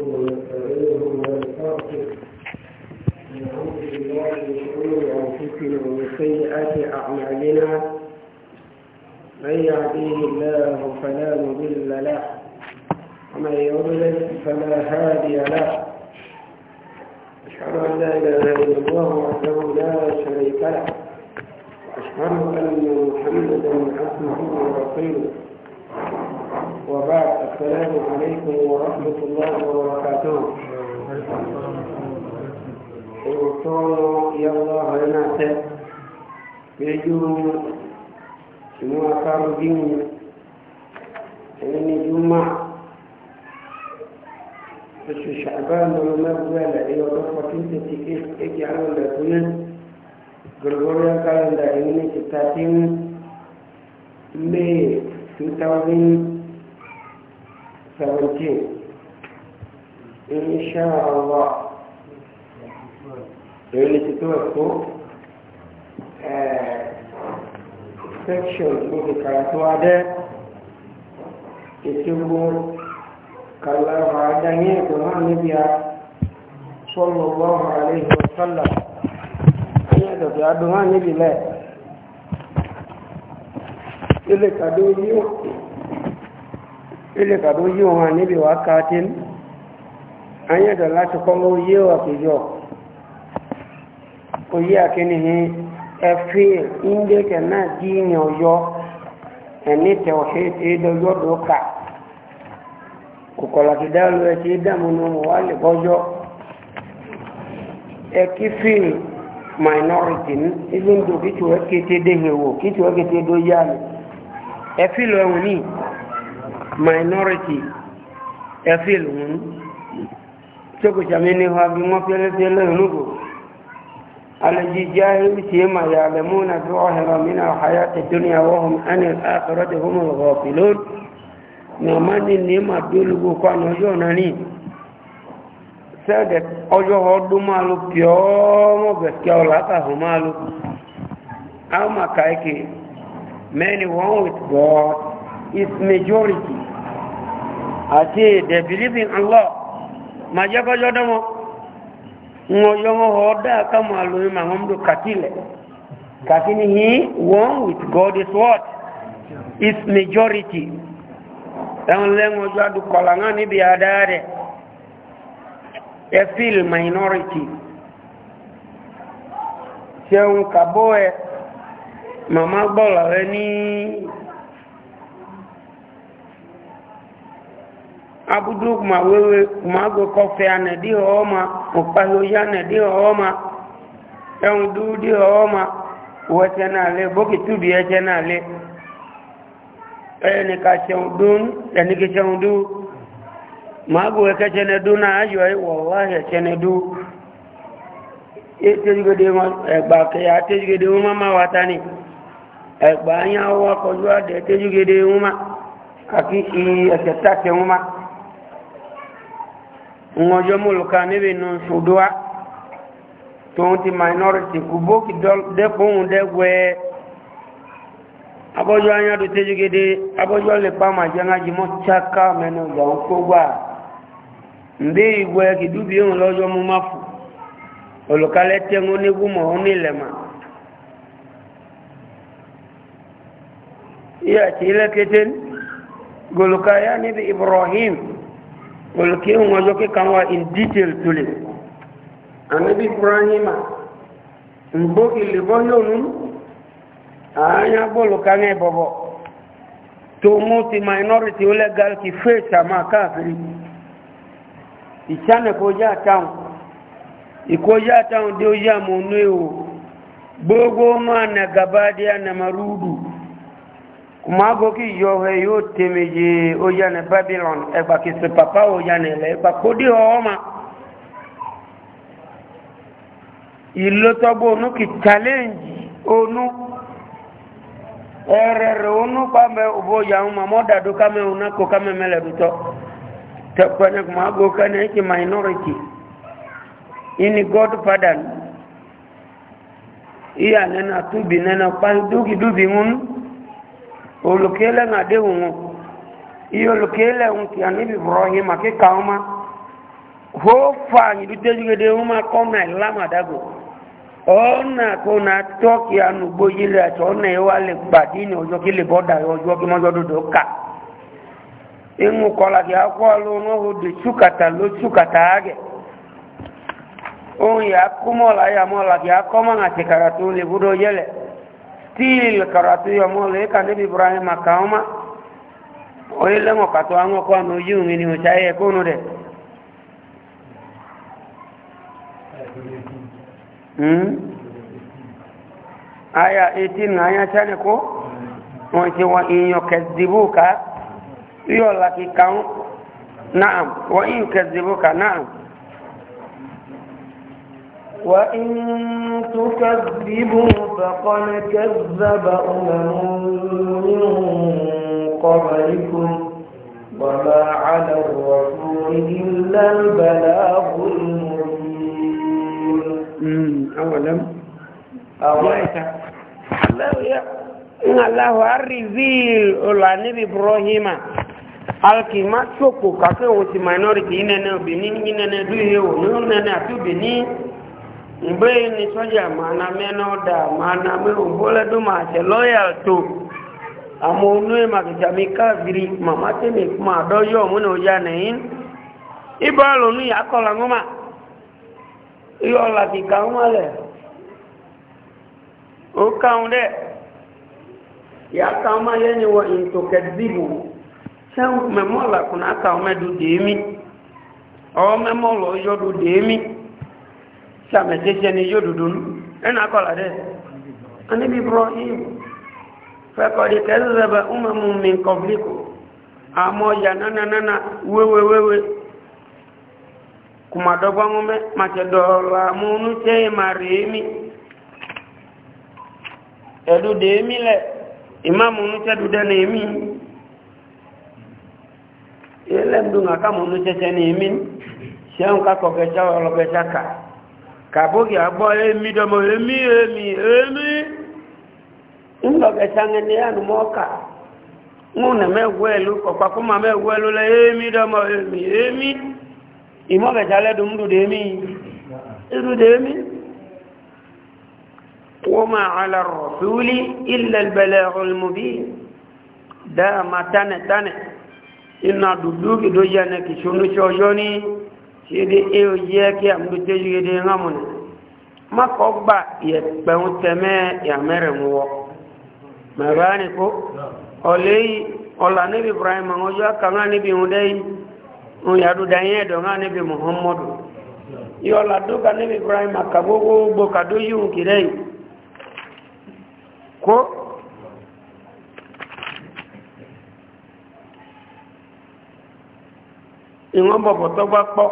ونستعينه ونستغفره ونعوذ بالله من شرور انفسنا ومن سيئات اعمالنا من يهديه الله فلا مضل له ومن يضلل فلا هادي له اشهد ان لا اله الا الله وحده لا شريك له واشهد ان محمدا عبده ورسوله وبعد السلام عليكم ورحمة الله وبركاته ورسولو يا الله لنا سيد بيجو شمو أصار ديني إني جمع بس شعبان ولا مبزا لأي وضفة كنت تكيس إيكي عمل لأتونين غرغوريا كان دائمين كتاتين مي 2000 17 inshallah related to a book section book karatuade isibu kalama adanye kuma nibiya sallallahu alaihi wasallam ayé da fi aduma nibile ilé kadu yíò ile ka e e e do yiwo ha nibi wakatin anya da lati kongo yiwo kijo ko yi akini hi efi inde ke na dini oyo eni tawhid ido yodo ka kukola kidalu e ti damu no wale bojo e kifil minority even do kitu e kete dehewo kitu e kete do yale e filo minority ẹ̀fíìlì wọn tí kò sàmì ní ha bí wọ́n fẹ́lẹ́fẹ́lẹ́ ìrúgbò alẹ́jíjá ìlú tí ma yà lẹ́mú na fi ọ̀hẹ̀rọ mínà àyà tẹ̀tọ́nìyà wọ́hùn ẹni àkọrọ̀ tẹ̀ fún ọ̀rọ̀ pìlót ní ọmọ ní ní ma bí olùgbò kọ́ àná ọjọ́ náà ní sẹ́ẹ̀dẹ̀ ọdún máa lo pìọ́ mọ́ bẹ̀kẹ́ ọ̀la àtàwọn máa lo àwọn màkà ẹ̀kẹ́ many one with God is majority àti they believe in Allah ma jẹ́ kọjọ́ dánwọ́ wọn yọ wọn họ dáa ká mọ àlóyún ma wọn he one with God is what is majority ẹ̀wọ̀n lẹ́wọ̀n ojú adùkọ̀lá náà níbi àdáa rẹ̀ ẹ feel minority ṣeun kàbó ẹ màmá gbọ́lọ̀ rẹ ní. abudu kuma wewe kuma agwe kofe anadi hooma upahoya anadi hooma eundu di hooma wete nale boki tudi ete nale ene ka cheudun ene ke cheudu magwe ke chenedu na e, ayo e, ai wallahi chenedu ete gede ma egba ke ate gede ma ma watani egba nya wa ko ju ade te gede ma aki i ete ta ke ma ŋɔjɔ mulu kan ne bɛ nonso doa ti minority kò bóki dɛkun dɛgwɛɛ abɔjɔ anya do teju le pa ma jɛ chaka jimɔ tsaka mɛnɛ gbɔn kpogba nbɛ iwɛ kidubi ŋu lɔjɔ mu ma ma keten olùkí wọn yọ kíkà wọn in detail tulè anabi ibrahima nbó ìlébọ yónú àáyá bọ́ọ̀lù kaná ìbọ̀bọ̀ tó mú ti minority legal ti faith àmà káàkiri ìsànà ìkọjá àtàwọn ìkọjá àtàwọn dé ó yá mọ̀ nú èwò gbogbo máa nà gàbá kuma gogi yohe yo temeje o yane babylon egba papa o yane le egba kodi oma ilo togbo onu ki challenge onu erere onu kpame ubo yahun mamo dado kame unako kame mele duto tepene kuma go kane ki minority ini god pardon iya nena tubi nena pa dugi dubi ngunu olokele na de wo iyo lokele un ti ani ibrahim ke kauma ho fa ni de de de uma koma la madago ona kona toki anu boyile to ne wale badini ojo ke le boda ojo ke mo jodo do ka inu kola ki akwalo no ho de chukata lo chukata age o ya kumola ya mola ki akoma na chekara tu le budo yele still karatu yo mole kan ni ibrahim akama oile mo katwa ngo ko no yungi ni uchaye kuno de hmm aya itin nga ya chane ko mo ti wa inyo kadibuka yo la ki kaun naam wa in kadibuka naam وإن تكذبوا فقد كذب أمم من قبلكم وما على الرسول إلا البلاغ المبين أولم أولم Allahu arivil ola níbi Ibrahima alkima tsoko kakẹ́ wo ti minority yìí nẹ́nẹ́ obìnrin yìí nẹ́nẹ́ dúhé wò ní nẹ́nẹ́ àti obìnrin ìgbé ni sọ́jà mana mẹ́nà ọ̀dà mana mẹ́rùn bọ́lẹ́dún máa ṣe lọ́yà tó àmọ́ onú ẹ̀ màkìjà mi káàkiri màmá tèmi máa dọ́yọ̀ múnà ọjà nìyín ibà lónú ìyàkọ̀lá ńọ́mà iyọ̀ làkìkà ńwọ̀lẹ̀ ó káwọn dẹ̀ ìyàkà ọmọ yẹn ni wọ́n ìtòkẹ́ dìbò sẹ́wọ̀n mẹ́mọ́ làkùnà káwọn mẹ́dù dèémí ọ mẹ́mọ́ lọ́yọ́dù dèémí sàmẹ̀tẹ́sẹ́ ni yóò dùdú nù ẹ̀nà akọ́lá dẹ̀ anábì ibrahim fẹ́kọ̀ọ́dì kẹ́sẹ̀sẹ̀bẹ̀ umamu mi kọ̀flíkù àmọ́ ya nánà wéwéwéwé kùmàdọ́gbọ́n mẹ́ màtẹ̀dọ̀ọ̀lọ́ àmúnú tẹ́ ìmàrí èmi ẹ̀dùdẹ̀ èmi lẹ̀ ìmáàmùnú tẹ́dùdẹ́ ní èmi ilẹ̀ ń dùn àkàmùnú tẹ́tẹ́ ní èmi ṣẹ́hùn kakọ̀kẹ́ṣẹ́ ọlọ́kẹ́ṣẹ́ kàá kàbókì àgbọ́ èmi dọmọ èmi èmi èmi ńlọ̀gẹ̀ta ẹni ànùmọ́ọ̀kà múnà mẹ́wọ́ ẹ̀lú ọ̀pàkúnmà mẹ́wọ́ ẹ̀lú lẹ èmi dọmọ èmi èmi ìmọ́gẹ̀ta lẹ́dùn dùdè èmi dùdè èmi wọ́n máa ala rọ̀fúlí ilẹ̀ bẹ̀lẹ̀ olùmọ̀bí dáa ma tánẹ̀ tánẹ̀ iná dùdú kìdó ti ni e o ye ki am du te yede nga mun ma ko ba ye pe un teme ya mere muwo ma ba ni ko o le yi o la ni ibrahim o jo ka nga ni bi un dei un ya du dan ye do nga ni bi muhammad yo la do ka ni ibrahim ka bo bo ka do yu ki dei ko ìwọ̀n bọ̀bọ̀ tọ́gbà pọ̀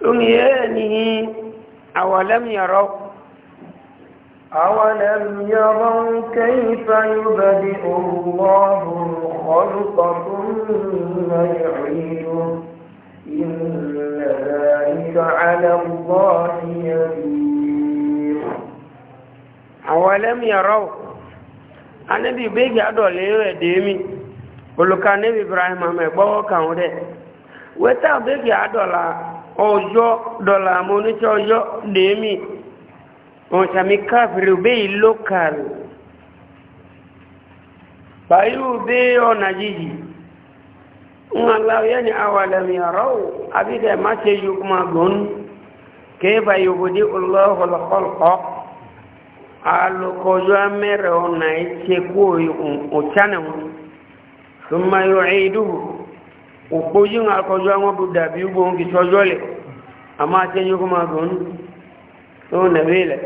ثم يانه أولم يروا أولم يروا كيف يبدئ الله الخلق ثم يعيده إن ذلك على الله يسير أولم يروا anabi gbégi adọ̀lé rẹ̀ dèémi olùkà إبراهيم ما amẹ́gbọ́wọ́ kàwọn dẹ̀ wẹ́tà gbégi adọ̀la ọjọ́ dọ̀là àmọ́ oníṣẹ́ ọjọ́ dèémì ọ̀sàmì káfìrí òbí yìí lókàlù báyìí òbí ọ̀nà yìí ń aláwọ̀ ní àwàlẹ̀mì àrọ́ àbídẹ̀ má ṣe yóò máa gùn kéèbà yòbò dé olóòlòkọ́lọ́kọ́ alùkọjọ́ mẹ́rẹ̀ ọ̀nà ìṣekú òṣánà wọn òpó yí ń akọjọ́ àwọn bú dàbí ugbó ń kìí tọ́jọ́ lè a máa tẹ́ yóò máa gùn tó nàbí ilẹ̀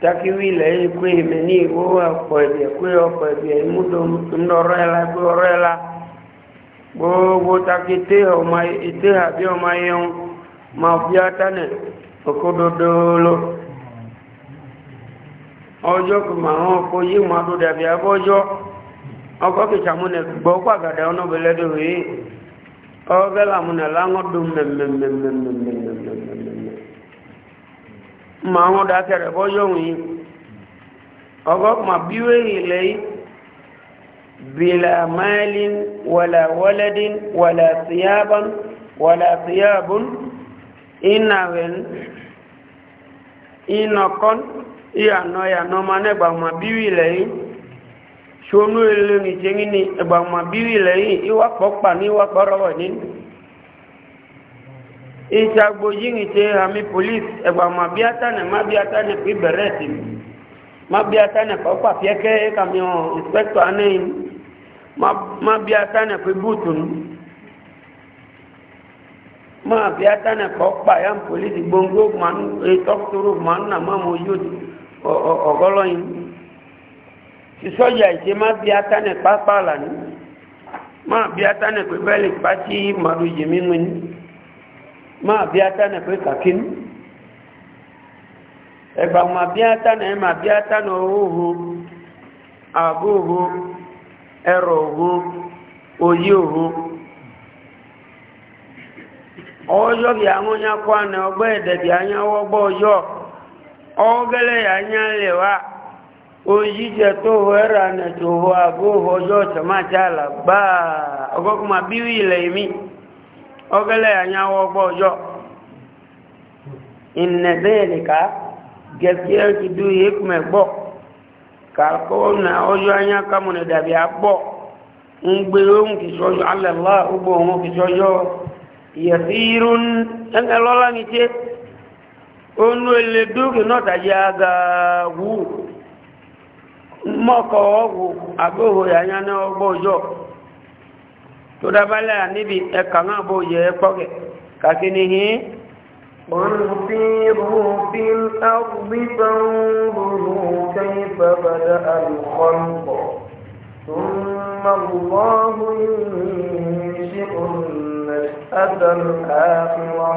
takiwi ilẹ̀ yìí kó ìmẹ̀ ní ìwó ọ̀pọ̀ ẹ̀bẹ̀ kó ọ̀pọ̀ ẹ̀bẹ̀ ìmúdó ńlọrọ̀ ẹ̀la gbé ọ̀rọ̀ gbogbo àbí ọmọ máa fi ọjọ́ kò kó yí máa dó dàbí abọ́jọ́ ọkọ̀ gbọ́ pàgàdà ọ̀nà yìí ọbẹ̀ làmúnà láńgọ́dún mẹ́mẹ́mẹ́mẹ́mẹ́mẹ́mẹ́mẹ́mẹ́ ma wọn da kẹrẹ bọ́ yọ̀hún yìí ọgọ́ ma bíwé ilẹ̀ yìí bìlà máìlín wàlà wọ́lẹ́dín wàlà síyábọn wàlà síyábọn ìnàwẹ̀n ìnàkọ́n ìyànà ìyànà ma nẹ́gbà ma bíwé ilẹ̀ yìí ṣonú ilé ní tẹ́yí ni ẹgbàmà bírí lẹ́yìn iwa pà ní ìwàpọ̀ rọ̀wọ̀ ní ìṣàgbò yí ní tẹ́ àmì polisi ẹgbàmà bí átànà má bí átànà pí bẹ̀rẹ̀ sí má bí átànà pọ̀pà fẹ́kẹ́ kàmí ọ̀ ìnspẹ́kítọ̀ anẹ́yìn má bí átànà pí búùtù ní má bí átànà pọ̀pà yá polisi gbòǹgbò màánù ètò tó rò màánù nà má mo yóò ọgọ́lọ́yìn. ìsọ́jà ìṣe má bí atánẹ̀ pápá lànà má bí atánẹ̀ pé bẹ́ẹ̀lì pàtí màrújì mímú ni má bí atánẹ̀ pé kàkínú ẹgbà má bí atánẹ̀ na bí atánẹ̀ ẹrọ òyí owó ọjọ́ bí àwọn onyakwọ́ àná ọgbẹ́ ẹ̀dẹ̀bí anyáwọ́gbọ́ ọjọ́ ọgẹ́lẹ̀ yà á nyá ojije tó wẹ́ra nẹ̀tò hó agbóhó ọjọ́ tẹ̀májàlá gbáà ọgọ́kùnmá bí ilẹ̀ mi ọgẹ́lẹ̀ àyàwó ọgbọ́ ọjọ́ ìnẹ̀bẹ́ẹ̀lẹ̀ká gẹ̀fẹ́ ti dú ìyẹ́kùnmẹ̀ ka kàkọ́ e na ọjọ́ anyá kámọ̀nẹ̀ dàbí agbọ́ ń gbé ohun kì sọ́jọ́ alẹ́lá ụgbọ ohun kì sọ́jọ́ ìyẹ̀fìrún ẹnẹ́lọ́lá ní tẹ́ ó nú ẹlẹ́dúkì ya ga wu. mọ́kọ̀ ọ̀wọ̀ àgbóhò yàyà ní ọgbọ́ ọjọ́ tó dábálẹ̀ níbi ẹ̀kà náà bó yẹ ẹ̀kọ́ rẹ̀ kàkí ni hìn انفروا في الأرض فانظروا كيف بدأ الخلق ثم الله ينشئ النشأة الآخرة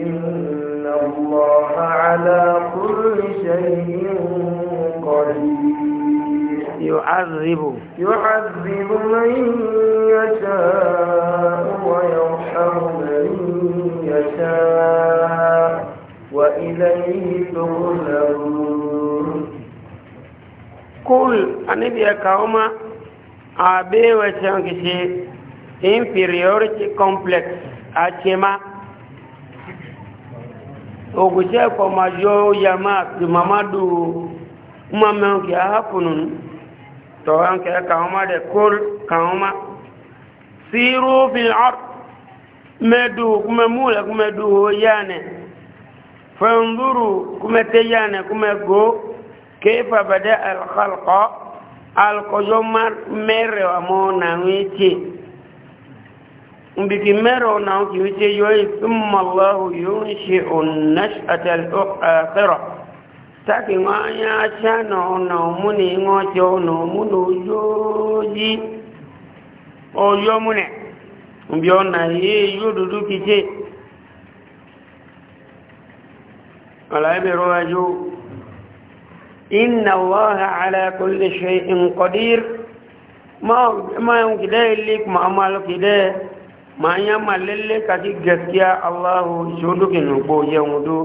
إن إن الله على كل شيء قدير يعذب يعذب من يشاء ويرحم من يشاء وإليه تغلبون قل النبي كوما أبي وشانكشي inferiority complex achema ogusɛ kɔmajɔ yama timamadu kuma mɛn kɛ aha kunun tɔhan kɛ kawoma de kol kawoma siiru fil ɔr kumɛ du kumɛ muulɛ kumɛ du o yaanɛ fɛnduru kumɛ te yaanɛ kumɛ go keefa bɛdɛ alxalqɔ alkɔjɔ mɛrɛ wa mo naŋu tie mbiki mero na ki ce yoyi thumma allah yunshi'u an-nash'ata al-akhirah taki ma ya chano na muni ngojo no munu yoji oyo mune mbio na ye yududu kije ala ibro waju inna allaha ala kulli shay'in qadir ma ma yungide lik ma amal kide manya ma lalle ka ji gaskiya allahu shodu ki nubo yawon do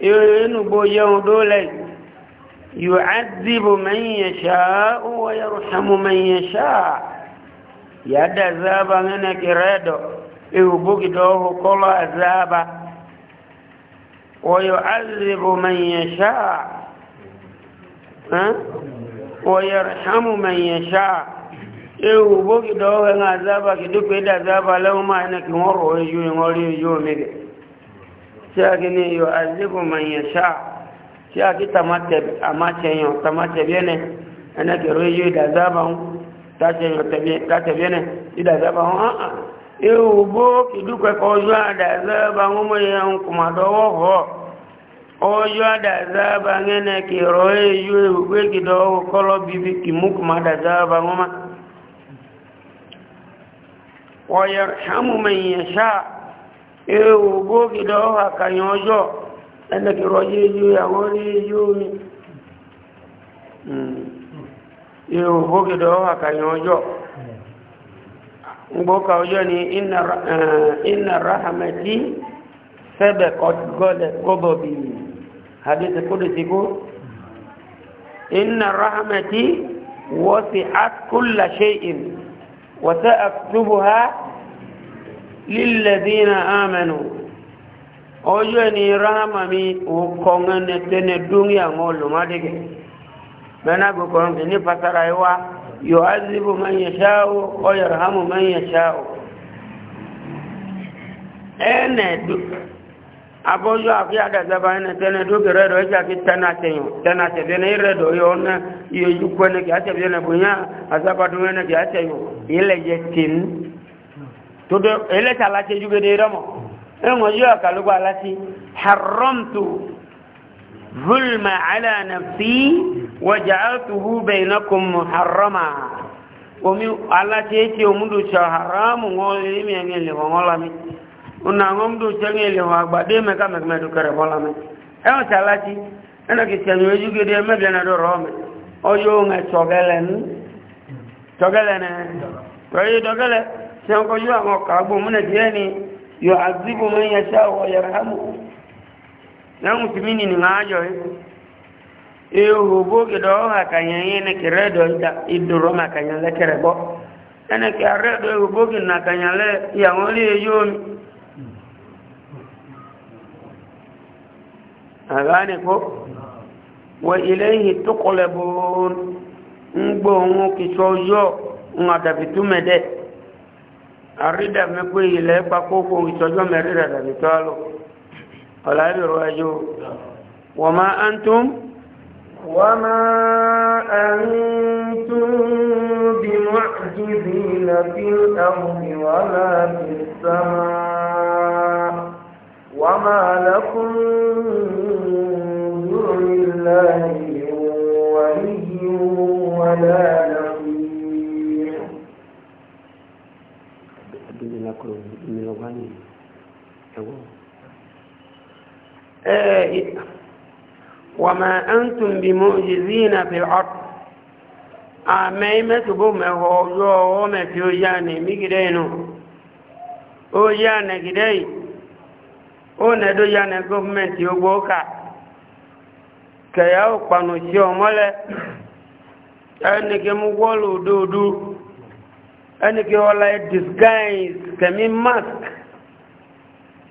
irin nubo yawon do lai yu'azzibu man yasha'u wa yarhamu man yasha yada zaba ngana kiredo ihubu kidogo kolo azaba wa yu'azzibu man yasha wa ewu boki dowe nga azaba kidupe da azaba leo maana kingoro yu ngori yu mige chaki ni yu azibu man yasha chaki tamate amache yo tamate biene ana kiro yu da azaba un tache yo tabi tache biene ida azaba un a a ewu boki dupe ko yu da azaba ngumo ya kuma dowo ho oyo da azaba ngene kiro yu boki dowo kolo bibi kimukuma da azaba ngoma ويرحم من يشاء إيوغوك دوها كنيوجو أنك رجيجو يغوليجو إيوغوك دوها كنيوجو مبوكا وجوني إن, إن رحمتي سبقت غضبي حديث قدسي إن رحمتي وسعت كل شيء وسأكتبها للذين آمنوا أجني رحمي وكونن تندون يا مولو ما ديك بنا بكون إني فسر أيوا يعذب من يشاء ويرحم من يشاء أنا aboyo afi adazaba ene tene duke redo eja ki tana tenyo tana tebene iredo yo na iyo yukwene ki ate bene bunya azaba duwene ki ate yo ile yetin todo ile tala che juge de ramo engo yo akalugo alati haramtu zulma ala nafsi waja'altuhu bainakum muharrama omi alati eti omundu cha haramu ngoli mi ngeli ngolami unangom du chengeli wa ba de me ka me du kare bola me e o chalachi ena ki chenu e ju ge de me bena do rome o yo nga chogelen chogelen e to yo dogele chen ko yo ngo ka bo mune die ni yo azibu me ya sha wa yarhamu e na mu timini ni ngajo e e o bo ge do ha ka yenye ne kire do da iduro ma ka yenye kere bo ene ki arre do bo ge na ka yenye ya ngoli e yo a gane ko wa ilaihi tuqlabun n gbohun kiso yo n adabitume de arida me pe ilẹ̀ pakoko ìtọ́jọ́ mẹ́rin rẹ̀ tàbí tó lọ ọ̀làbẹ̀rọ ẹjọ́ wọ́n máa antum wọ́n máa antum bí mu'jizina fil ardi wala fis samaa وما لكم من الله ولي ولا نصير وما أنتم بمعجزين في الأرض àmẹ́ mẹ́tùgbò mẹ́họ ọjọ́ ọwọ́ mẹ́fì ó yá nì mí gidẹ́ inú ó yá nì gidẹ́ yìí ó nẹ́dó yá ní gọ́ọ̀mẹ́ntì ogbó ká kẹ̀yà ó pànù sí ọmọlẹ́ ẹnìkí mú wọ́lù dúdú ẹnìkí ọlá disguise kẹ̀mí mask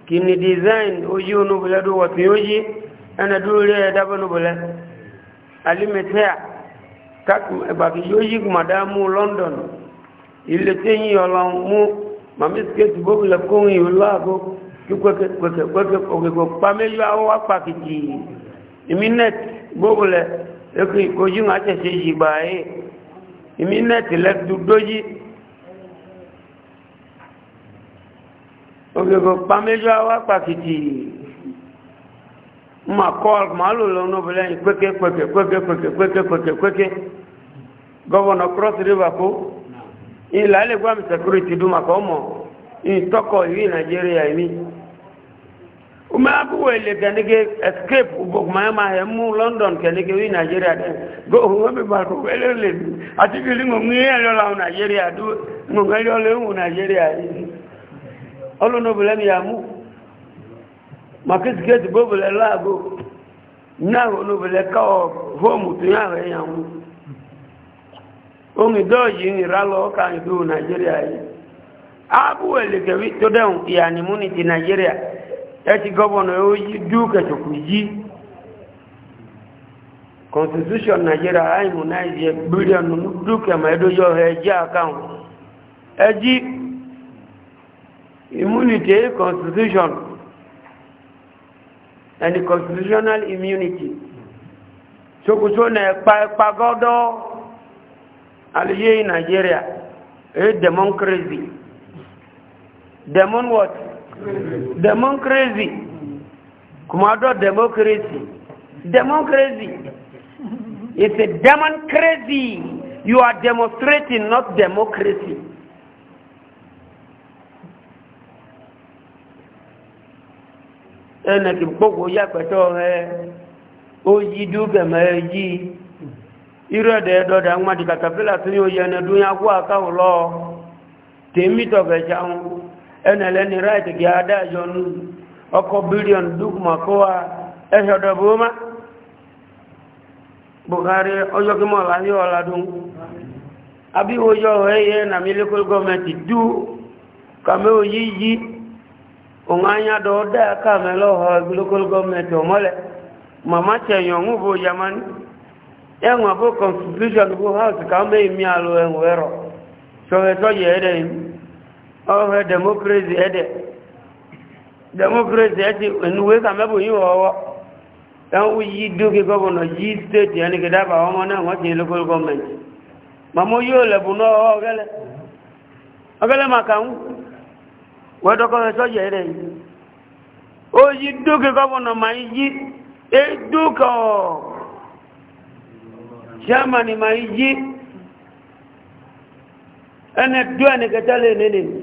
kì ní design ojú onúbulẹ̀ dúwọ̀ tí ó yí ẹnà dúró rí ẹ̀dábọ̀ onúbulẹ̀ alimẹ́tẹ́à ìgbàkì yóò yí màdámù london ilé tí yí ọlọ́run mú màmí skate bóbulẹ̀ kóhun ìlú àgó kí kwẹ́kẹ́ kwẹ́kẹ́ kwẹ́kẹ́ kwẹ́kẹ́ pàmẹ́yọ àwọn apàkìtì ìmínẹ́t gbóòlẹ̀ ẹkù ìkojú àtẹ̀sẹ̀ ìgbà ayé ìmínẹ́t lẹ́dúdójí òkèkọ̀ pàmẹ́yọ àwọn apàkìtì ma kọ́l màálù lọ́nà obìnrin kwẹ́kẹ́ kwẹ́kẹ́ kwẹ́kẹ́ kwẹ́kẹ́ kwẹ́kẹ́ kwẹ́kẹ́ gọ́vọ̀nà cross river kó ìlàlẹ́gbàmì security dùn màkọ́ mọ́ ìtọ́kọ̀ yìí nàìjíríà o ume abuwo ele kẹnike escape ubokuma ma mú london kẹnike wí nàìjíríà dẹ go òun mi bá kó wẹlé lè mi àti bí ní ngòngó yẹn lọ la nàìjíríà nàìjíríà yìí mi yà mú màkìsìkẹ́sì gbóbulẹ̀ láàgó náà olóbìnrin abu elekewi tó dẹ̀hùn ìyànimúni ti nigeria ẹ ti gọ́bọ̀nà ó yí dúkẹ̀tùkù yí constitution nigeria àìmúnáìjẹ bílíọ̀nù dúkẹ̀mọ̀ ẹdójọ́ ẹjẹ́ àkáhùn ẹjí immunity constitution and constitutional immunity ṣokùsọ́ na ẹ̀pa ẹ̀pa gọ́dọ̀ àlùyé nigeria ẹ̀ democracy demon what demon crazy kuma do democracy demon crazy it's a demon crazy you are demonstrating not democracy ẹnà kì gbogbo yàpẹtọ ẹ ó yí dúkẹmẹ ẹ yí irú ẹdẹ ẹdọdẹ àwọn adìkàtàfẹlà tó yẹ ẹnẹdún àkàwọn lọ tèmi tọkẹjà ń. ene leni right gi ada yon oko billion duk ma koa e eh, hodo buma bukhari o yo gi mola yo la dun abi wo yo e ye na milikul government du kame o yi yi o nganya do da kame lo ho milikul government o mole mama che yo ngu bo yaman yang wa bo constitution bo house kame mi alo en wero so e to ye de ọwọ́ fẹ́ democracy ẹ́dẹ̀ democracy ẹ́dẹ̀ ìwé kàmẹ́bù yí ọwọ́ ẹ̀wọ́ yí dúkì gọ́ọ̀nà yí state ẹni kìí dábà ọmọ náà wọ́n ti local government mọ́mọ́ yí ò lẹ̀bùn náà ọwọ́ ọ̀gẹ́lẹ̀ ọ̀gẹ́lẹ̀ màkàún wọ́dọ́kọ́ fẹ́ sọ́jẹ́ ẹ̀dẹ̀ yìí ó yí dúkì gọ́ọ̀nà ẹni tó ẹni kẹta lè nílé mi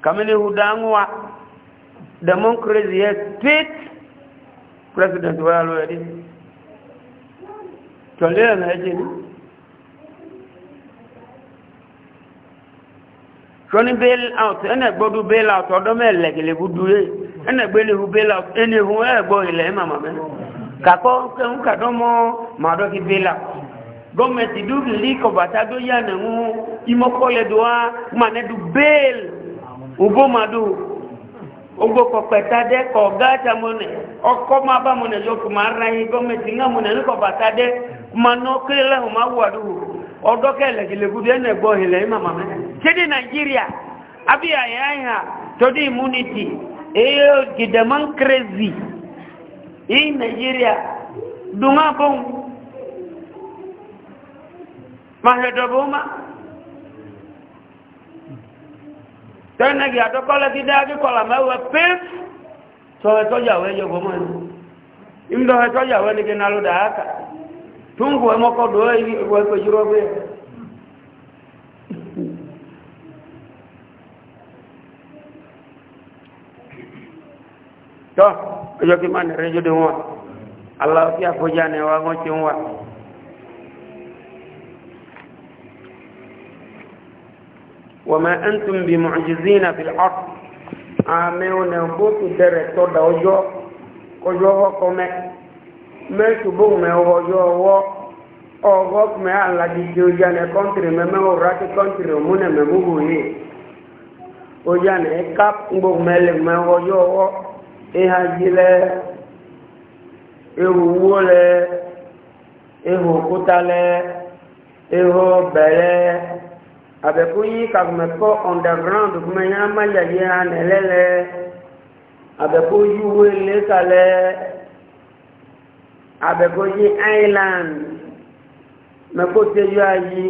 kamini hudangwa democracy ye tweet, president wala yadi tolera na jini joni bail out ene gbodu bail out odo mele gele budure ene gbele hu bail out ene hu e gbo ile e mama me kako ke un kadomo do ki bail out gọọmenti dúró lè kọ̀bàtà tó yà nà ń imọ́kọ́lẹ̀ dùn á mà nẹ́dù bẹ́ẹ̀lì ugbo madu ugbo kọpẹta dẹ kọ gáàtà mọnẹ ọkọ ma ba mọnẹ yóò kò máa ráyìn gọọmenti ńlá mọnẹ ní kọpẹta dẹ máa ma kéré lẹ́hùn máa ọdọ kẹlẹ kìlẹkù bí ẹnẹ gbọ ìlẹ yìí màmá mẹ. nigeria, nàìjíríà àbí ya àyà immunity tẹ́nẹ̀ gbé àtọ́kọ́ lẹ́kídẹ́ akíkọ́lá mẹ́wẹ́ pé sọ́wẹ́tọ́jàwẹ́ yóò gbọ́mọ́ ẹ̀ Allah fi àfójá ni wa wọ́n ti ń wà. wama antum bimu'jizina fil ard ameo na botu dere to da ojo kojo ho kome me subu me ojo wo ogo me ala di joja ne country me me ora ki country mu ne me mu ni oja ne kap ngbo mele me ojo wo e hajile ewu wo le ewu kuta le ewu bere abekunyi kakumekɔ underground kumenya amadzaye anɛlɛ lɛ abekunyi wele kalɛ abekunyi island mɛkote yɔ ayi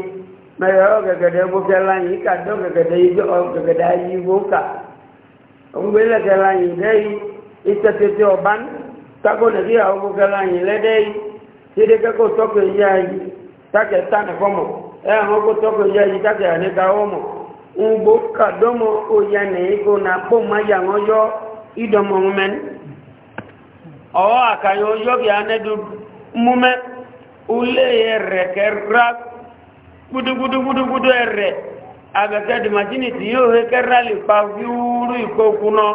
mɛyɔ ɔgɛgɛdɛ gbɔfɛ la yi kadɔ gɛgɛdɛ yi gbɔ ɔgɛgɛdɛ ayi woka ŋgbelɛgɛ la yi dɛ yi itɛtɛtɛ ɔban tako nɛgɛ awo gbɔfɛ la yi lɛ dɛ yi tɛdɛ kɛkɔ tɔkɛ yi ayi takɛ ta nɛfɔmɔ. ẹ̀hún kó tọ́kọ̀ yẹ yìí dákẹ́ àníta ọmọ ngbó kàdọ́mọ òyà nìyí kó na kó má yà wọ́n yọ ìdọ́mọ mẹ́ni ọwọ́ àkàyọ yọ bí anẹ́dù múmẹ́ ulé rẹ̀ kẹrẹ́ gbúdúgbúdúgbúdú rẹ̀ abẹ́kẹ́dì màjínìtì yóò hẹ́ kẹrẹ́ lè pa fíwúrú ìkókù náà.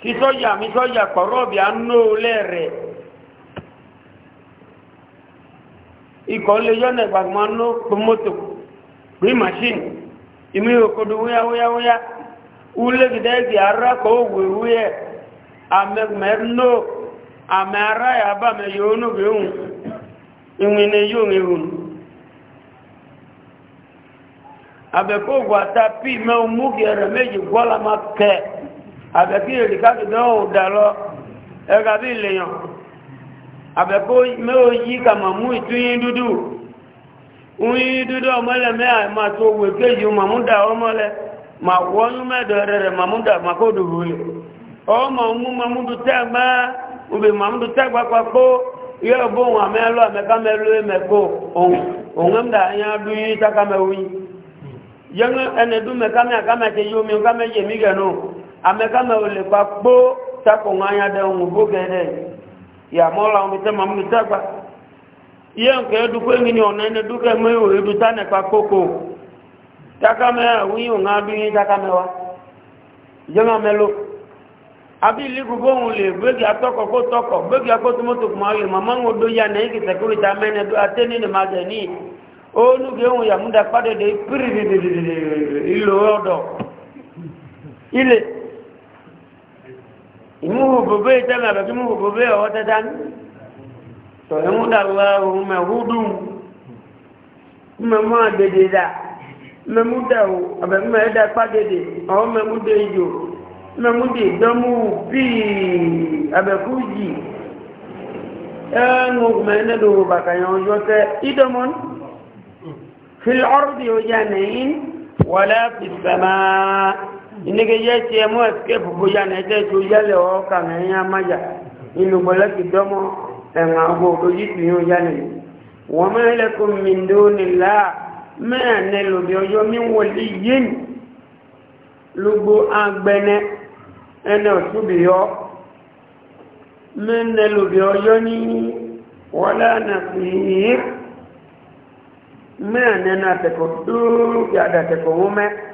kí sọ́jà mi sọ́jà pọ̀rọ́bì à ń nó lẹ́rẹ̀ ikọ̀ lè yọ́nà ìgbàgbọ́n nó mọ́tò pé machine ìmí òkodo wíyáwíyáwíyá ulegidẹ́gì ara kò wèwú ẹ̀ àmẹ́gbẹ̀ nó ame ara yà bá mẹ́ yóò nóbi hùn àbẹ̀kí ka káàkiri ò dà lọ ẹ̀rọ àbí ìlèyàn àbẹ̀kó mẹ́ò yí kàmà mú ìtúyín dúdú oyin dúdú ọmọlẹ̀ mẹ́à máa tó wè kéjì màmúdà ọmọlẹ̀ ma mẹ́dọ̀ rẹ̀ ọmọ mú màmúdù tẹ́gbà obì màmúdù tẹ́gbà papó yóò bó wọn àmẹ́kámẹ́lú ẹ̀mẹ́kó òun amekana wòle gba kpó takò ŋanya ɖe ŋu bó ge ɖe yamɔla ŋu tẹ mamu tẹ gba nke dukɔ yi ni ɔnɛ ne dukɔ yi me yi wòye duta ne kpa kpoko taka mɛ awu yi wòŋa du yi taka mɛ wa yéŋa mɛ lo abi liku bó ŋu le gbégi atɔkɔ kó tɔkɔ gbégi akótó moto kuma le mama ŋu do ya ne yi kìtɛ kúri ta mɛ ne do ate ne ne ma dɛ ni o nuge ŋu yamu da kpa de de piririririri ilo yɔ dɔ ile imuhu bobe tana da imuhu bobe a wata dan to in huda Allahu ma hudu ma ma dede da ma muda o abe ma da pa dede o ma muda ijo ma muda domu bi abe ọjọ́ tẹ́ ìdọ́mọ́n fil ọ̀rọ̀ nìyí wọlé fi inike yɛ tiɛ mo escape bo ya na ɛtɛ tso yɛlɛ wɔ kama ɛnya ma ya inugbo lɛ ti dɔmɔ ɛŋa bo o yi tu yɛ o ya nini wɔn mɛ lɛ ko mindo ni la mɛ ne lobi ɔyɔ mi wòle yen lugbo agbɛnɛ ɛnɛ otu bi yɔ mɛ ne lobi ɔyɔ ni wɔlɛ anafi yi mɛ ne na tɛkɔ duu ya da tɛkɔ ŋu mɛ.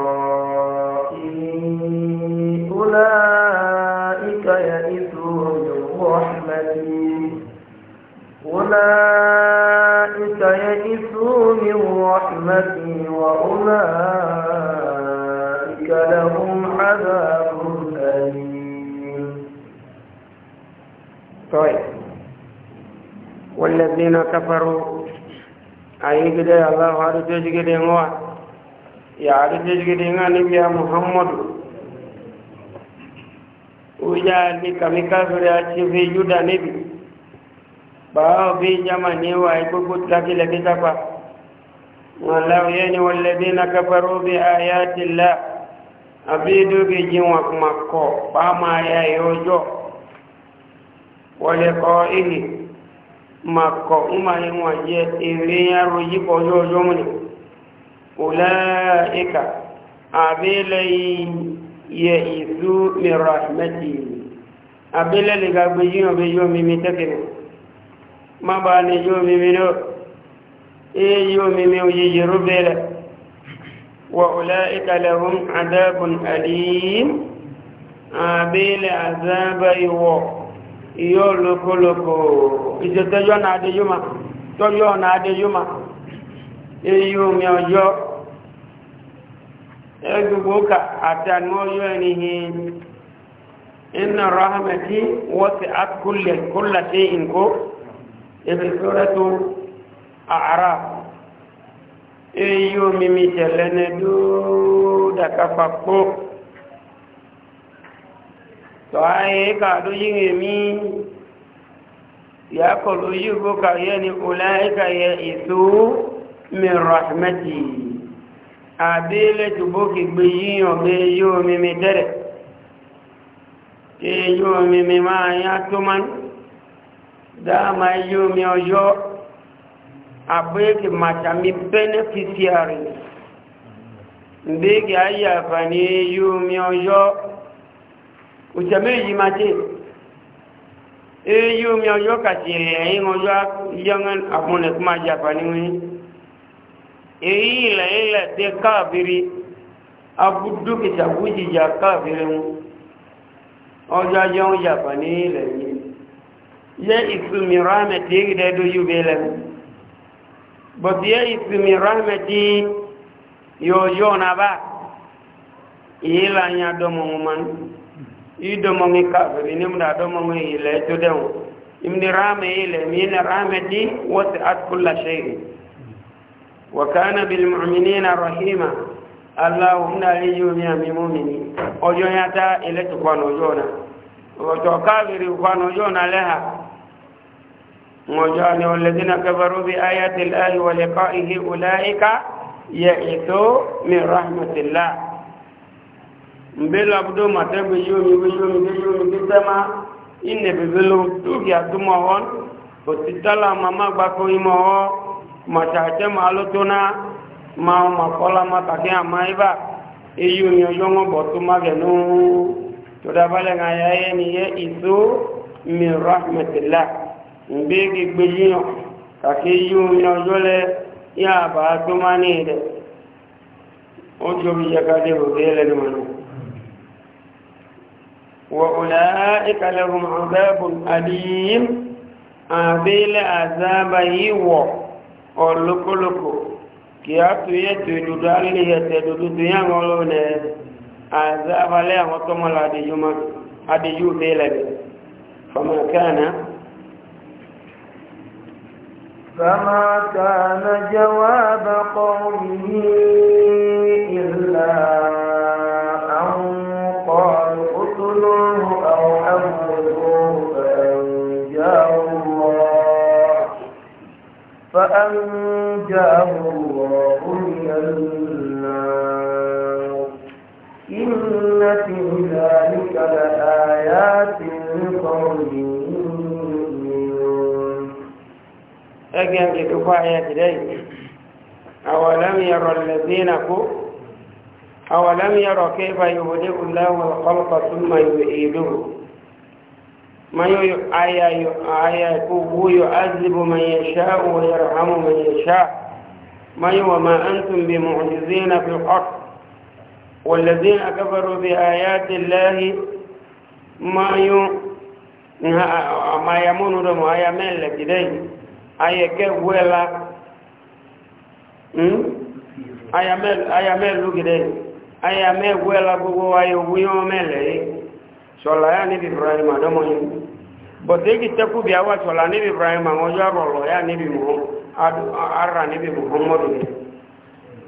أولئك يئسوا من رحمتي أولئك يئسوا من رحمتي وأولئك لهم عذاب أليم طيب والذين كفروا أيجد الله عز وجل يعرف جدنا يا محمد uja likamikafiri achivi yuda nibi bao bi jamani wa ikukuta kile kitapa walau yeni walladhina kafaru bi ayati llah abidu gijiwa kumako bama ya yojo waliqaihi mako umani mwaje iliya rujiko yojo muni ulaika abilai يئسوا من رحمتي أبلا لقابيين بيوم متكنا ما بان يوم منو إيه يوم منو يجروا بلا وأولئك لهم عذاب أليم أبلا عذاب يو يولوكو لوكو إذا تجونا عدي يوما تجونا عدي يوما إيه يوم يوجو يجبوك حتى نوجو هي إن الرحمة وسعت كل كل شيء كو ابن سورة أعراف أيو ميمي تلنا دودا كفاكو تواهي كادو يمي يا كل يجبوك يعني أولئك يئسوا من رحمتي àbílẹ̀ tùbó kì gbé yíyàn gbé yóò mímí tẹ́rẹ̀ kí yóò mímí máa yá tó máa ń dáàmà yóò mí ọjọ́ àbúyẹ́kì màtàmí beneficiary ndéèkì ayé àfàní yóò mí ọjọ́ òṣèmé yìí máa tẹ́ èyí yóò mí ọjọ́ kàtì ẹ̀yìn ọjọ́ yọ́ngán àpọnẹ̀kú máa jàfàní wọ́n yìí èyí ilẹ̀ ilẹ̀ dé káàbìrì abudu ìṣàkójìjà káàbìrì wọn ọjọ́ ajé wọn yàgbà ní ilẹ̀ yìí yẹ ìsinmi rámẹ̀tì ìdẹ́ dojú bí ilẹ̀ bọ̀tí yẹ ìsinmi rámẹ̀tì yọjọ́ náà bá èyí là ń yà dọ́mọ̀ wọn mọ́ ìdọ́mọ̀ ní káàbìrì ní múdà dọ́mọ̀ ilẹ̀ tó dẹ̀wọ̀n ilẹ̀ wọ́n ti yìí. وكان بالمؤمنين رحيما اللهم ليجوا يا مؤمنين اجونياتا الى تقوانو جونا وتوكافر يقوانو جونا لها وجاني الذين كفروا بآيات الله ولقائه أولئك يئسوا من رحمة الله mbelo abdo matebe yomi yomi yomi kitama inne bebelo tuki atuma hon otitala mama gbako imo Macha máa ló na náà ma kọ́lá ma kàkí àmá ibà èyí omi ọjọ́ wọn bọ̀ tó má gẹ̀ lóhun tó dábálẹ̀ ń ayá yẹ́ ni yẹ́ ìṣó mi rahmatillah ǹgbé gbégbé yíyan kàkí èyí omi ọjọ́ lẹ yá àbá ka olokoloko kìá tó yẹ tó dodo alẹ́ yẹ tẹ dodo tó yẹ àwọn ọlọ́wọ́ nẹ àzá abalẹ́ àwọn tọ́mọ la adéjú ma adéjú bẹ́ lẹ̀ bẹ́ fama kánà. فما كان جواب قومه إلا أن قالوا اقتلوه أو أموت فأنجاه الله من النار إن في ذلك لآيات لقوم أجل كفاية إليه أولم ير الذين كفروا أولم ير كيف يبدئ الله الخلق ثم يعيده mayoyo aya yo aya kubu yu'adhibu man yasha'u wa yarhamu man yasha' mayo wa ma antum والذين كفروا بآيات الله ما يو ما يمون دم آية من لكدي آية كولا آية مل آية مل لكدي آية مل ولا بقوا آية ويوم مل sọ̀lá ya níbi ibrahim àdọ́mọ́yìn bọ̀tẹ́ kì tẹ́kù bí awà sọ̀lá níbi ibrahim àwọn ọjọ́ àrọ̀lọ̀ yá níbi ara níbi muhammadu ni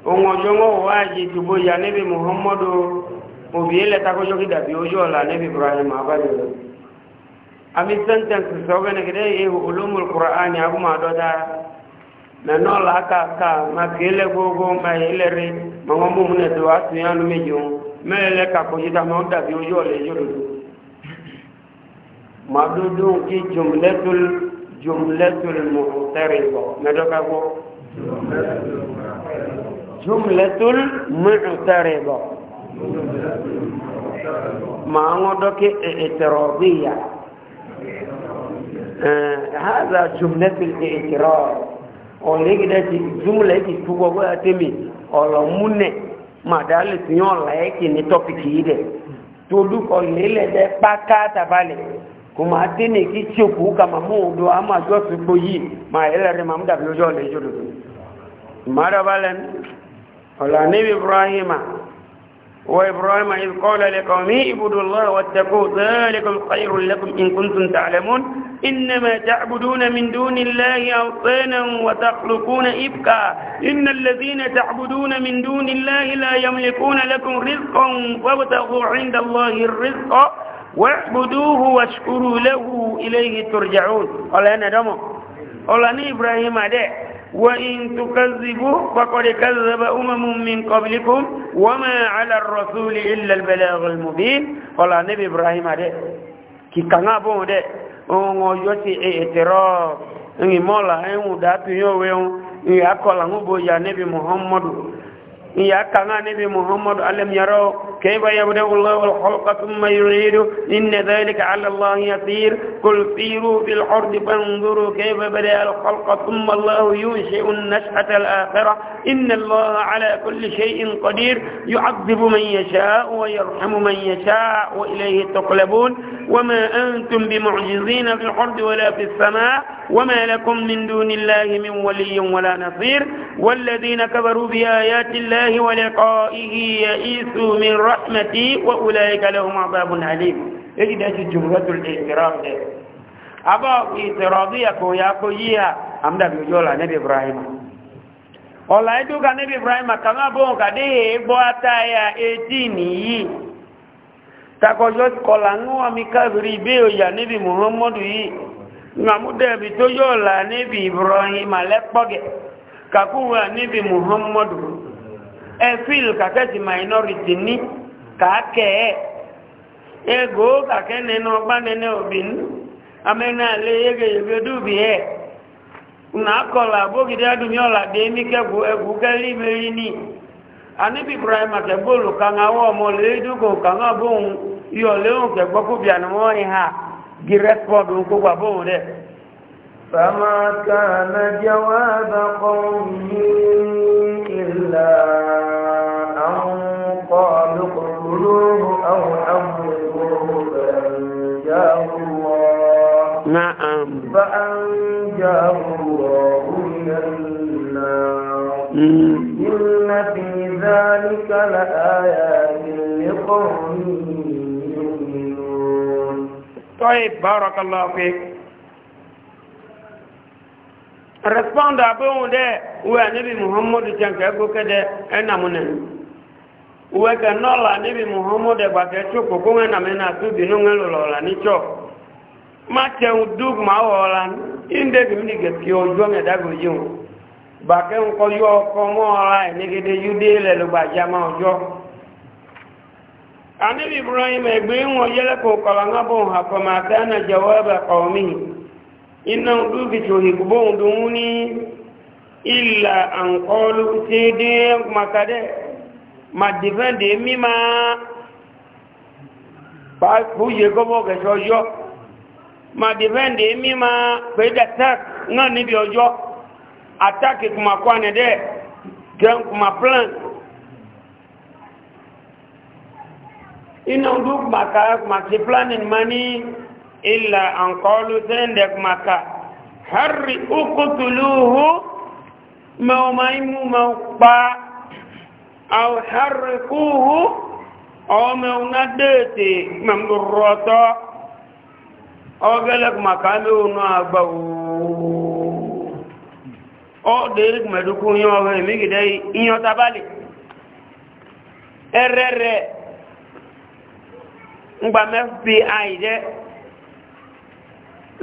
ohun ọjọ́ wọn wá yí ya yá níbi muhammadu òbí ilẹ̀ takọ́jọ́ kí dàbí ojú ọ̀la níbi ibrahim abájọ́ àmì madudun ki jumlatul jumlatul mu'tariba medoka go jumlatul mu'tariba maango doke i'tiradiya هذا جملة الاعتراض ọ̀lẹ́gidẹ́ ti júmùlẹ̀ ti túbọ̀ bóyá tẹ́mi ọ̀rọ̀ múnẹ̀ màdálẹ̀ tí yàn láyé kì ní tọ́pìkì yìí dẹ̀ tó dúkọ̀ lélẹ̀ dẹ́ pákátàbalẹ̀ kuma atini kichuku kama mundu ama josi boyi ma elere mamda byojo le jodo mara balen ola nabi ibrahima wa ibrahima id qala liqawmi ibudu allaha wattaqu dhalikum khayrun lakum in kuntum ta'lamun انما تعبدون من دون الله اوثانا وتخلقون افكا ان الذين تعبدون من دون الله لا يملكون لكم رزقا فابتغوا عند الله الرزق wa'buduhu washkuru lahu ilayhi turja'un ola na damo ola ni ibrahim ade wa in tukazzibu faqad kazzaba umamun min qablikum wama 'ala ar-rasuli illa al-balagh al-mubin ola ni ibrahim ade ki bon de on o yoti ngi mola u da tu yo we un muhammadu يا كان نبي محمد ألم يروا كيف يبدأ الله الخلق ثم يعيد إن ذلك على الله يسير قل سيروا في الحرد فانظروا كيف بدأ الخلق ثم الله ينشئ النشأة الآخرة إن الله على كل شيء قدير يعذب من يشاء ويرحم من يشاء وإليه تقلبون وما أنتم بمعجزين في الحرد ولا في السماء وما لكم من دون الله من ولي ولا نصير والذين كبروا بآيات الله الله ولقائه يئسوا من رحمتي وأولئك لهم عذاب عليم يجد هذه جملة الاعتراف ده أبا اعتراضية كويا كويا أمدا بيجولا نبي إبراهيم ọ̀la ìdúkà níbi ibrahim kàmá bóhùn kàdé èébọ́ àtàyà 18 yìí takọjọ́ kọlà ń wà mí káàkiri ibé òyà níbi muhammadu yìí nàmúdẹ̀bì tó yóò là níbi ibrahim alẹ́pọ̀gẹ̀ kàkúwà níbi muhammadu ẹ̀fíìl kàkẹ́sì minority ní kàákẹ́ ẹ̀ egò kàkẹ́ nínú ọgbà nínú òbí ní amẹ́nà lé yégeyègbè ẹ ẹ̀ nàákọ̀lá adùnmí ọ̀làdé ní kẹ́kù ẹ̀kù kẹ́lí mẹ́rin ní anibi ibrahim akẹ́gbóòlù kàńgáwọ́ ọmọ lẹ́dúkọ̀ kàńgá bóun yọ léhùn kẹ́gbọ́kùbì ànàmọ́ ìhà gírẹ́sìpọ̀dù kópa bóun dẹ̀ فما كان جواب قومه إلا أن قالوا اقتلوه أو أمروه فأنجاه الله نعم فأنجاه الله من النار إن في ذلك لآيات لقوم يؤمنون طيب بارك الله فيك respond abin da uwe nabi muhammadu can ka ego kede ena mune uwe ka nola nabi muhammadu gba ka echo koko ena me na tu bi nunwe lolo ola ni cho ma te duk ma bi pi ojo me da goji ba ke le lo gba ja ma ojo egbe nwo yele ko kola ha ko ma kana iná dúkìtò ìgbò òdùn ní ìlà àǹkọlù tí dé makadẹ́ ma dìfẹ́ndẹ̀ mímá pàápùyẹ gọ́bọ̀ kẹsọ ọjọ́ ma dìfẹ́ndẹ̀ mímá pẹ̀lú attack náà níbi ọjọ́ attack kùmà kwánẹ̀dẹ́ gẹ́m kùmà plan iná dúkìtò ìgbò òdùn ní illa an qalu sendek maka harri uqtuluhu mawmaimu mawpa aw harriquhu aw mawnadati mamdurrata aw galak maka lunu abawu o derik maduku yo we mi gidai tabali erere ngba FBI de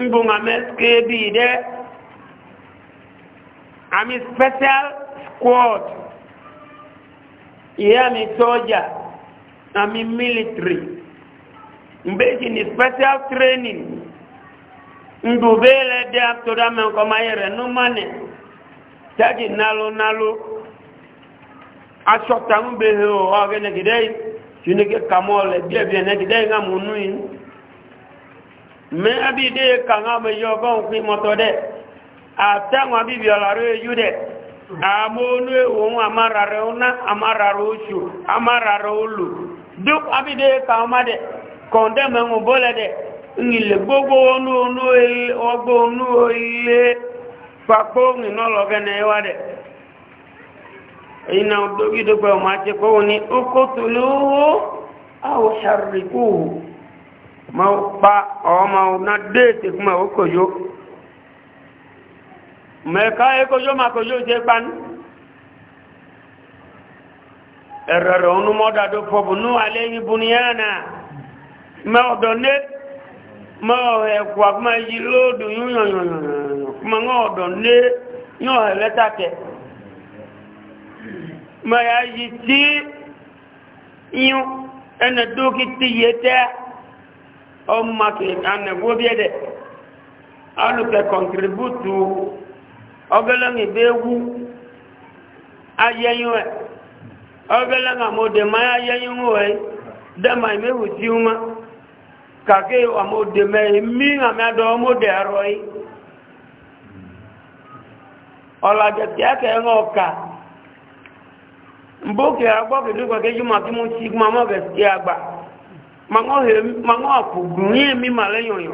ngbonga meske bi de ami special squad iye ami soja ami military mbeji ni special training ndubele de aptoda men koma yere numane tagi nalo nalo asọta ń bèèrè ọ̀ ọ̀rẹ́ nẹ̀gidẹ́ yìí ṣe ní kí kàmọ́ ọ̀lẹ̀ bí ẹ̀bí mɛ abide kanga mɛ yɔ bɔn fi mɔtɔ dɛ atɛŋɔ abibi ɔlaro eyu dɛ amewo nu ewo ŋu amarare wo na amarare wo tso lu abide kanga ma dɛ kɔndɛ mɛ ŋu bɔ dɛ gbogbo nu nu nu kpakpo wa dɛ eyina dogi do o ma tse ko awo ma pa oh, mau na déètì fún ma ó kòjó mẹ́ka ekòjó ma kòjó ṣe pan ẹ̀rọ̀rọ̀ onúmọ́dàdó fọ́bù ní alẹ́ yìí bu ní ẹ̀nà mẹ́ yu yu yu yu, àkúmọ̀ yìí lóòdù yúnyọ̀nyọ̀nyọ̀nyọ̀ kúmọ̀ ní ọ̀dọ̀ ní yọ̀ ẹ̀lẹ́ta kẹ́ mẹ́ yà yìí tí yún ẹnà dókítì yìí tẹ́ ọmọ tó anẹ̀wó bí obi alùpẹ̀ kọ̀ntribútù ọgẹ́lẹ́mì bẹ́ ebe egwu ẹ̀ ọgẹ́lẹ́mì àmọ́dé máa ayẹyún ẹ̀ dẹ́mà ìmẹ́wù tí ó má kàké àmọ́dé mẹ́rin mí àmì àdọ́ ọmọdé ẹ̀rọ yìí ọ̀làjẹ̀ kíákẹ́ ń ọ̀ka mbókè agbọ́kẹ̀dúgbọ̀kẹ́ yìí mà ma, maŋɔ aƒu gbunye mi ma le nyɔnyɔ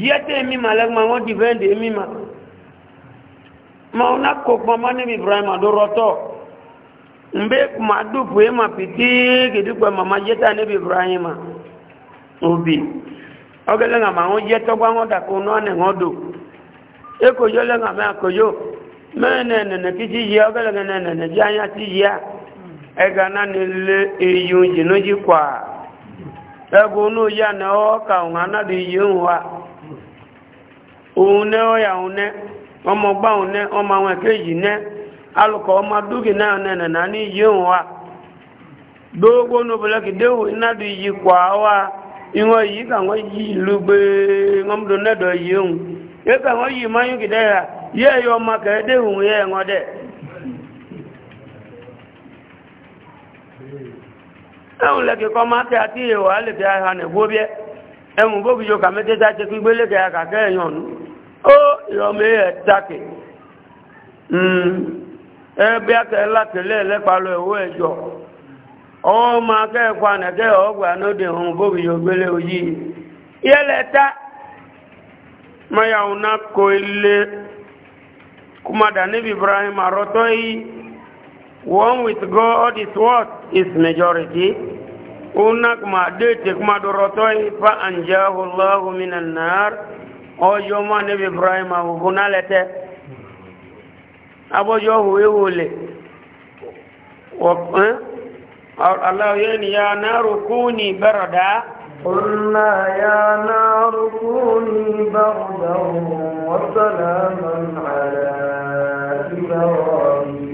yiate mi ma le maŋɔ divɛnde mi ma maŋɔ na ko kpɔma ne mi ibrahima do mbe ma do ƒue ma pitee kedi kpɛ mama yeta ne mi ibrahima obi ɔge le ŋa maŋɔ yetɔ gba ŋɔ da ko nɔ ne ŋɔ do ekodzo le ŋa me akodzo me ne nene kiti yia ɔge le ŋa ne nene dzi anya ti yia ega na ne le eyo dzinodzi kɔa. ẹgbẹ́ onú ya ní ọwọ́ ka òun anáde yìí ń wa òun ní ọ̀yà òun ní ọmọ gbá òun ní ọmọ àwọn èkejì ní alùkọ ọmọ dúkì náà ní nàná ní yìí ń wa gbogbo onú bọ̀lẹ́kì déwò ináde yìí kọ́ wa ìwọ̀n yìí kà wọ́n yí ìlú gbé yìí ń yìí kà wọ́n yà yẹ́ ẹ̀yọ́ ọmọ ẹ̀hùn lẹ́kẹ̀ kọ́ máa tẹ́ àti ìwà lẹ́kẹ̀ àhànà gbóbíẹ́ ẹ̀hùn bó bíjọ kà mẹ́tẹ́ta ti pín gbélẹ́kẹ̀ àkàkẹ́ ẹ̀yàn nú ó ìrọ̀mí ẹ̀ dákì hmm. ẹbí akẹ́ lákẹ́lẹ́ lẹ́pàlọ́ ẹ̀wọ́ ẹ̀jọ́ ọgbà nóde bó òyì is majority una kuma dete kuma dorotoi fa anjahu allah minan nar ojo ma nabi ibrahim abuna lete abojo huwe wole eh? allah yani ya naru kuni barada قلنا يا نار كوني بردا وسلاما على إبراهيم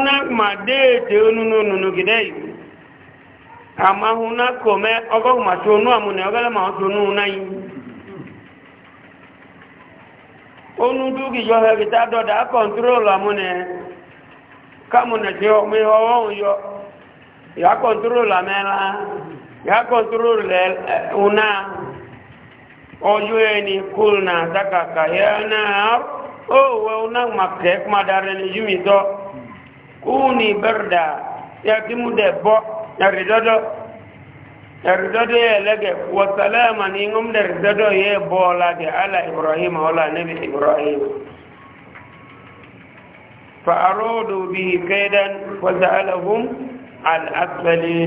huna ma dee te onu no onu no gide yi ama huna ko mɛ ɔbɛ huma to onu amu ne ɔbɛ lɛ ma to onu na yi onu du ki yɔ hɛ kita dɔ da kɔntrol amu ne kamu ne te ɔmu yɔ ɔwɔn yɔ ya kɔntrol amɛ la ya kɔntrol lɛ una ɔyɔ yɛ ni kul na daka ka yɛ na o wɛ una ma kɛ kuma da re ni yumi dɔ. kúni bẹ́rẹ̀dà yàtí mú dẹ̀ bọ́ ẹ̀rìdọ́dọ́ ẹ̀rìdọ́dọ́ yẹ lẹ́gẹ̀ wọ́sálẹ́mà ní ń mú ẹ̀rìdọ́dọ́ yẹ bọ́ ọ̀làdẹ̀ alá ibrahim ọ̀là níbi ibrahim fàárọ̀dù bí kẹ́dán wọ́sà aláhùn al'asfẹ́lẹ́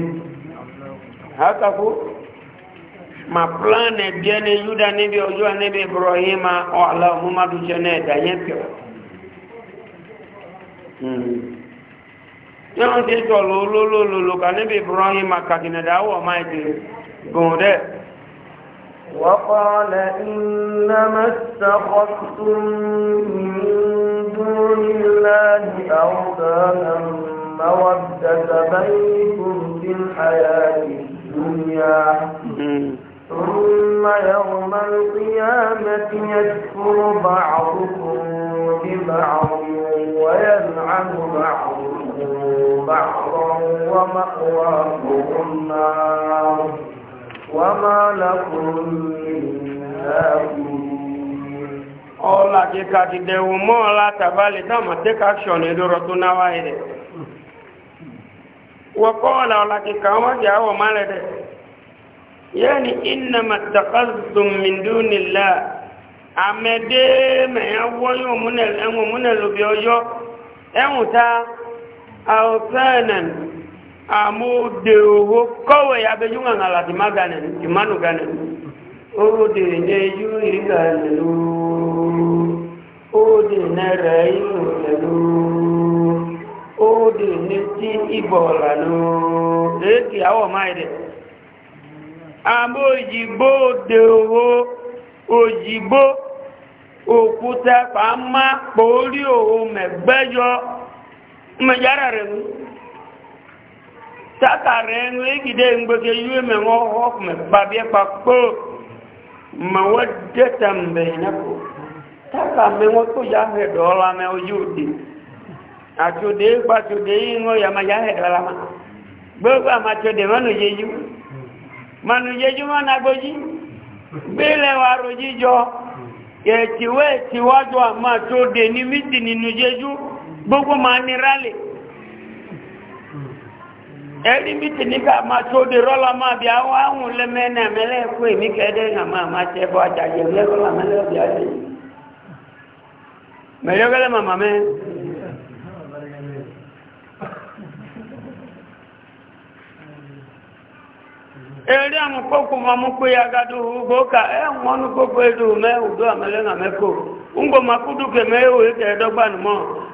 hákàkú ma pláàni e díẹ̀ ní yúdà níbi ọjọ́ níbi ibrahim ọ̀là ọmọ madu jẹ́ náà ẹ̀dá yẹn pẹ̀lú irun ti jọ lólólólò kà níbi ibrahim akadìnàdà awọ máa ti gùn dẹ. وقال إنما اتخذتم من دون الله أوثانا مودة بينكم في الحياة الدنيا ثم يوم القيامة يكفر بعضكم ببعض ويلعن بعض بعضهم بعضا ومأواكم النار وما لكم من ناصرين ọlá kíkà ti dẹ̀wò mọ́ ọlá tàbálì dáàmà take action ìdúró tó náwá ẹ̀rẹ̀ wọ́pọ̀ ọlá ọlá kíkà wọ́n jẹ́ àwọ̀ málẹ̀ rẹ̀ yẹ́ni ìnàmà takasùn mìndúnilá àmẹ́dẹ́ mẹ́yàwó yóò múnẹ̀ lóbi awsanan amude owo kowe abejunga ngala timaganen timanu ganen ode ne yuri ganelu ode ne rayu lelu ode ne ti ibolanu eti awo maide amoyigbo dewo owo oyigbo fama pàmà pòórí òhun mẹ̀gbẹ́yọ́ mmejara rẹ̀ mú sáka rẹ̀ ń légide ńgbèké yúwe mẹ́wọ́ ọkùnmẹ́ pàbí ẹ̀pà kó màwọ́ dẹ́ta mbẹ̀ ìnáko sáka mẹ́wọ́ tó yá yá gbogbo àmàtòdé mánu yéjú mánu yéjú mánu agbójí gbélẹ̀ wa rojí jọ yẹ̀tìwẹ́ tìwájú gbogbo ma ní rálì ẹ̀rí mi tì ní ká máa tó de rọ́lá máa bí àwọn àwọn lẹ́mẹ́nà mẹ́lẹ́kú èmi kẹ́ẹ́dẹ́ ìhàn máa máa tẹ́ bọ́ àjàjẹ́ lẹ́kọ́lá mẹ́lẹ́kú àjẹ́ mẹ́lẹ́kọ́lẹ́ màmá mẹ́ ẹ̀rí àwọn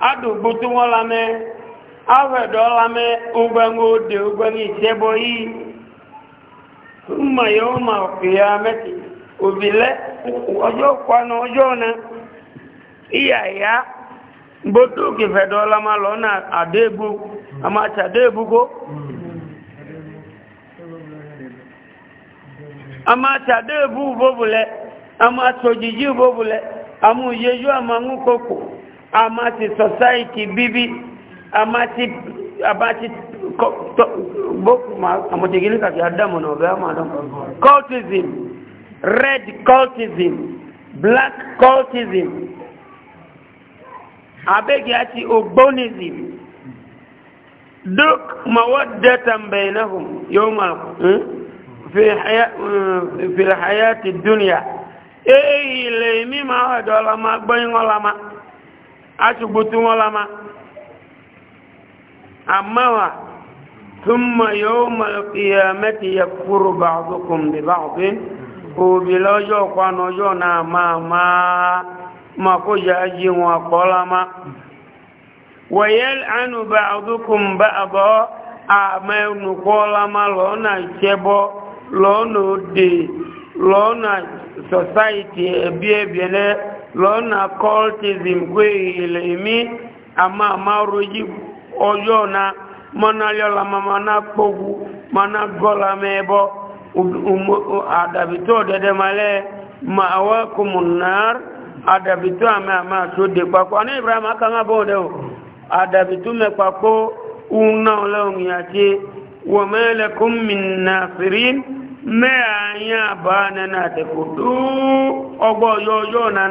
adùgbòtò wọn lamẹ awẹdọ lamẹ ugbẹngọ de ugbẹngọ ìṣẹbọ yìí mma yóò ma òkèèyà mẹtì òbí lẹ ọjọ kwanu ọjọ náà ìyá ìyá gbòtò kìfẹdọ lamẹ lọnà àdébu àmàtì àdébu kó amụ amati society bibi amati abati boku ma amotigilika kiadamu na ogama no cultism red cultism black cultism abegi ati ogbonism duk mawaddatan bainahum yawma hmm? fi hayat hmm, fi hayati dunya eh ile mi ma wa dola ma gboyin olama a wọn lámá àmáwà tún mọ̀ yóò mọ̀ ìyà mẹ́tì yẹ kúrò bá ọdúnkùn bí bá ọ̀bí òbí lọ́jọ́ kwánà ọjọ́ náà máa máa ma kó yẹ ají wọn kọ́ lámá wọ̀yẹ́ àánú lọ́nà cultism gbé ilẹ̀ ìmí àmà àmà rojí ọjọ́ na mọ́nàlẹ́ọ̀la mama na kpogu mana gọ́la mẹ́bọ́ àdàbìtọ́ dẹ́dẹ́ malẹ́ ma àwọ́ kùmùnàr àdàbìtọ́ àmà àmà tó dé papọ̀ ní ibrahim akanga bọ́ dẹ́ o àdàbìtọ́ mẹ́papọ̀ una ọlọ́run yàtí wọ́n mẹ́lẹ̀kùn mìnàfírín mẹ́ àyàn àbá nẹ́nà àtẹ̀kù tó ọgbọ́ ọjọ́ ọjọ́ náà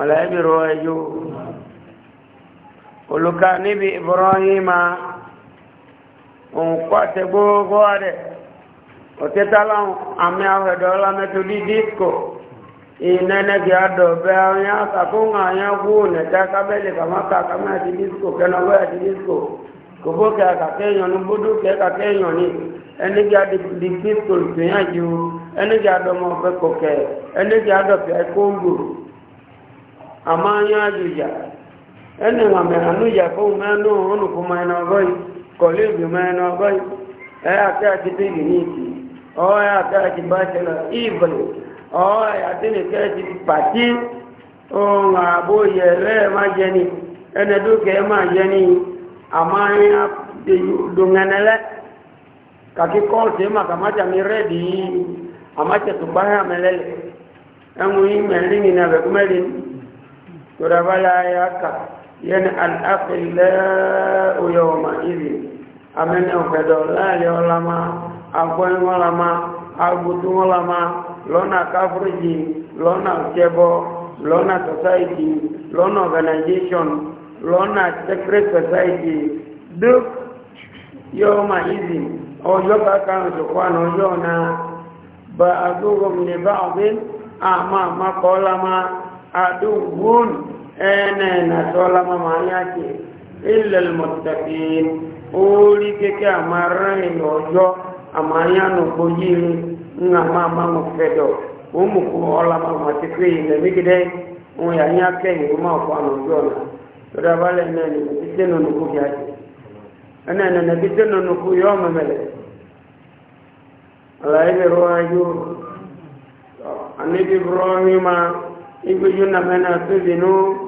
ọ̀lẹ́bìrò ẹjọ́ olùkà níbi ìbọ̀rọ̀hìmá òun pàtẹ gbogbo rẹ̀ òtítàlá àmì àwẹ̀dọ̀ ọlámẹ́tò dídí kò ìnẹ́nẹ́gì àdọ̀bẹ́ àwọn àkàkùn àyàn kú nẹ̀tẹ́ kábẹ́lì kàmáka kàmáàtì dídíkò kẹ́nàwọ́ àti dídíkò kòbó kẹ́ àkàkẹ́yàn ní bódú kẹ́ àkàkẹ́yàn ní ẹnìgì àdìdíkò tòyàn yìí ẹnìgì àdọ̀mọ̀ ọ̀fẹ́ kòkẹ́ ẹnìgì àdọ̀fẹ́ kóńgò amanya ajuja ene ngame anuja ko meno onu kumaina goi kolibyo meno goi ea ka kipigi niki o ea ka kibachela evil o ea tini ka kipati o ngabo yele majeni ene duke majeni amanya dungenele kakikote makamacha miredi amacha tubaha melele engu imelingi na bekumeli turabala ya ka yẹn al'afilẹ̀ oyọ̀ ma ìrì amẹ́ni ọ̀fẹ́dọ̀ láàrin ọlọ́mà agbọ́n ọlọ́mà agbótú ọlọ́mà lona káfíríjì lona ṣẹbọ lona society lona organization lona secret society duk yọ ọmọ ìrì ọjọ́ kàkà ọjọ́kọ́ àná ọjọ́ náà ba agbóhùn ní bá ọ̀gbìn àmọ́ àmọ́ kọ́ ọlọ́mà àdúgbò ene na tola mama yake illa almuttaqin ori keke amara yoyo keke no boyi nga mama mo fedo umu ku ola mama tikri ne migide un ya ma ko anu jona to da bale ne ni biteno no ku yake ana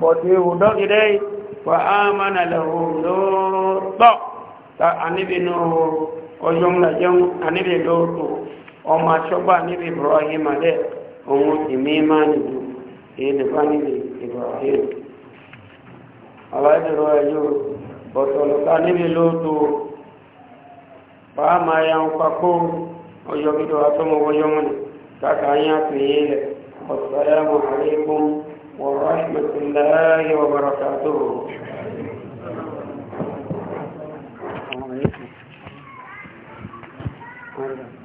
but we will talk today for amana lahu lóòótọ́ ta anibi nù ọjọ́ ńlá jẹun anibi lóòótọ́ ọmọ asọ́gbà anibi ibrahim alẹ́ òun sì mí máa ń dù èyí ní fánílì ibrahim aláìdúró ẹjọ́ bọ̀tọ̀lọ́ta anibi ya ń pakó ọjọ́ gidi wa tó mọ ọjọ́ mọ́ni kàkà yín àtúnyé rẹ̀ mọ̀ àríkún. ورحمة الله وبركاته Thank you.